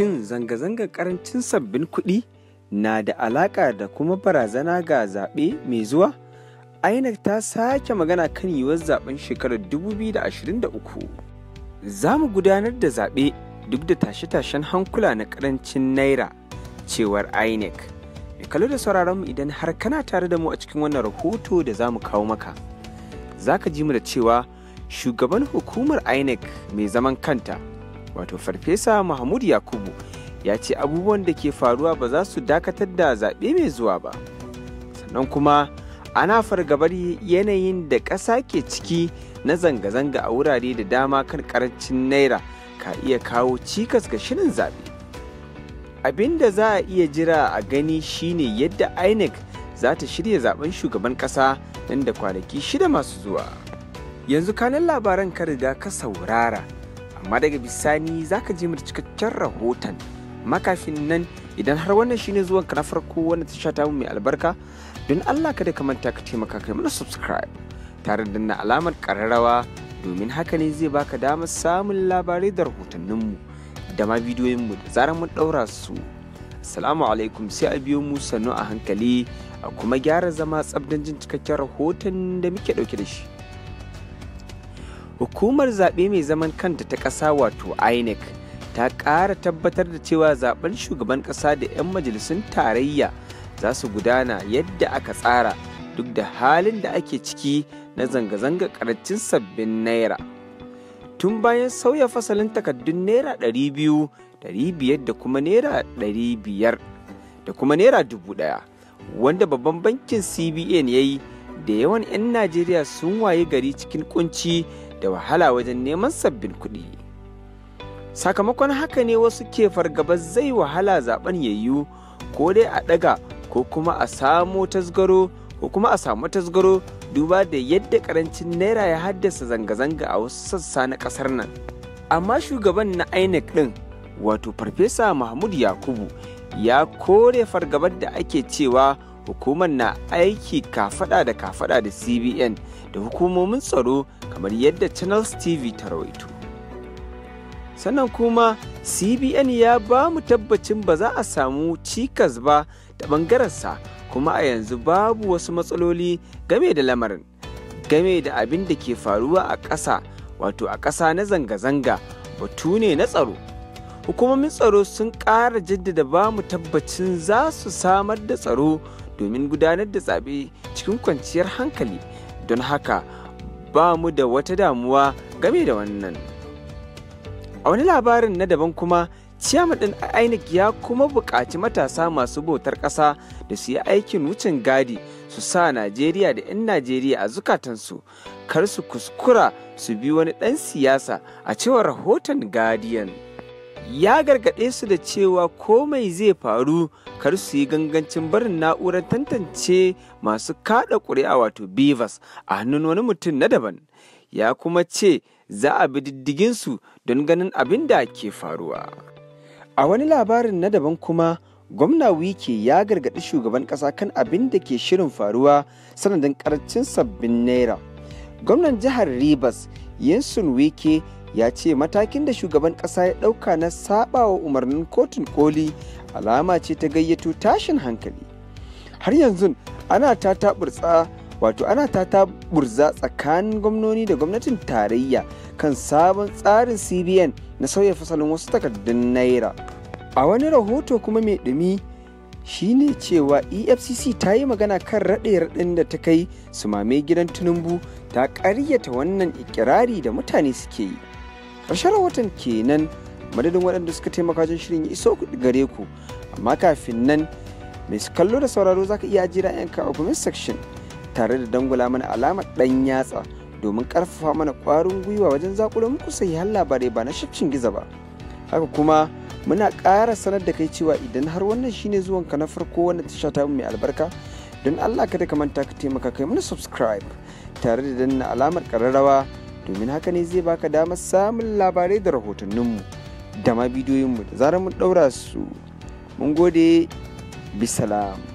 Shin zanga zanga karancin sabbin kuɗi na da alaƙa da kuma barazana ga zaɓe mai zuwa? INEC ta sake magana kan yiwuwar zaɓen shekarar 2023. Za mu gudanar da zaɓe duk da tashe-tashen hankula na karancin naira, cewar INEC. Mai kallo da sauraron mu idan har kana tare da mu a cikin wannan rahoto da za mu kawo maka. Za ka ji mu da cewa shugaban hukumar INEC mai zaman kanta. wato farfesa mahmud yakubu ya ce abubuwan da ke faruwa ba za su dakatar da zaɓe mai zuwa ba sannan kuma ana fargabar yanayin da ƙasa ke ciki na zanga-zanga a wurare da dama kan ƙarancin naira ka iya kawo cikas ga shirin zaɓe abin da za a iya jira a gani shine yadda inec za ta shirya zaben shugaban ƙasa nan da kwanaki shida masu zuwa yanzu kanan labaran ka riga ka saurara amma daga bisani za ka je mu cikakken rahoton makafin nan idan har wannan shine zuwan ka na farko wannan tasha ta mai albarka don Allah kada ka manta ka taimaka kai mana subscribe tare da na alamar kararrawa domin haka ne zai baka damar samun labarai da rahotanninmu da ma bidiyoyinmu da zarar mun ɗaura su assalamu alaikum sai a biyo mu sannu a hankali a kuma gyara zama tsabdan jin cikakken rahoton da muke ɗauke da shi hukumar zaɓe mai zaman kanta ta ƙasa wato inec ta ƙara tabbatar da cewa zaɓen shugaban ƙasa da 'yan majalisun tarayya za su gudana yadda aka tsara duk da halin da ake ciki na zanga-zanga ƙarancin sabbin naira tun bayan sauya fasalin takardun naira 200 da kuma naira 500 da kuma naira 1000 wanda babban bankin cbn ya yi da yawan 'yan najeriya sun waye gari cikin kunci da wahala wajen neman sabbin kuɗi sakamakon haka ne wasu ke fargaba zai wahala zaben yayyu ko dai a ɗaga ko kuma a samo tasgaro ko kuma a samu tasgaro duba da yadda karancin naira ya haddasa zanga-zanga a wasu sassa na ƙasar nan amma shugaban na inec ɗin wato farfesa mahmud yakubu ya kore fargabar da ake cewa hukumar na aiki kafada da kafada da cbn da hukumomin tsaro kamar yadda channels tv ta rawaito sannan kuma cbn ya ba mu tabbacin ba za a samu cikas ba da bangarensa kuma a yanzu babu wasu matsaloli game da lamarin game da abin da ke faruwa a ƙasa wato a ƙasa na zanga-zanga batu ne na tsaro hukumomin tsaro sun ƙara jaddada ba mu tabbacin za su samar da tsaro domin gudanar da zaɓe cikin kwanciyar hankali don haka ba mu da wata damuwa game da wannan a wani labarin na daban kuma ciyama ɗin INEC ya kuma buƙaci matasa masu bautar ƙasa da su yi aikin wucin gadi su sa Najeriya da 'yan Najeriya a zukatansu kar su kuskura su bi wani ɗan siyasa a cewar rahoton Guardian. ya gargaɗe su da cewa komai zai faru kar su yi gangancin barin na'urar tantance masu kada ƙuri'a wato bivas a hannun wani mutum na daban ya kuma ce za a bi su don ganin abin da ke faruwa a wani labarin na daban kuma gwamna wike ya gargaɗi shugaban ƙasa kan abin da ke shirin faruwa sanadin ƙarancin sabbin naira gwamnan jihar ribas yinsun wike ya ce matakin da shugaban ƙasa ya ɗauka na saɓawa umarnin kotun koli alama ce ta gayyato tashin hankali har yanzu ana ta wato ana ta taɓurza tsakanin gwamnoni da gwamnatin tarayya kan sabon tsarin cbn na sauya fasalin wasu takardun naira a wani rahoto kuma mai ɗumi shine cewa efcc ta yi magana kan raɗe-raɗin da ta kai su mame gidan tinubu ta ƙaryata wannan ikirari da mutane suke yi karshen rahoton kenan madadin waɗanda suka taimaka wajen shirin iso gare ku amma kafin nan mai kallo da sauraro zaka iya jira yanka a comment section tare da dangula mana alamar ɗan yatsa domin karfafa mana ƙwarin gwiwa wajen zakulo muku sahihan labarai ba na shafcin giza ba haka kuma muna kara sanar da kai cewa idan har wannan shine zuwanka na farko wannan tasha ta mai albarka don allah kada ka manta ka taimaka kai mana subscribe tare da danna alamar ƙararrawa domin haka ne zai baka damar samun labarai da rahotanninmu da ma bidiyoyinmu da zarar mun daura su mun gode bisalam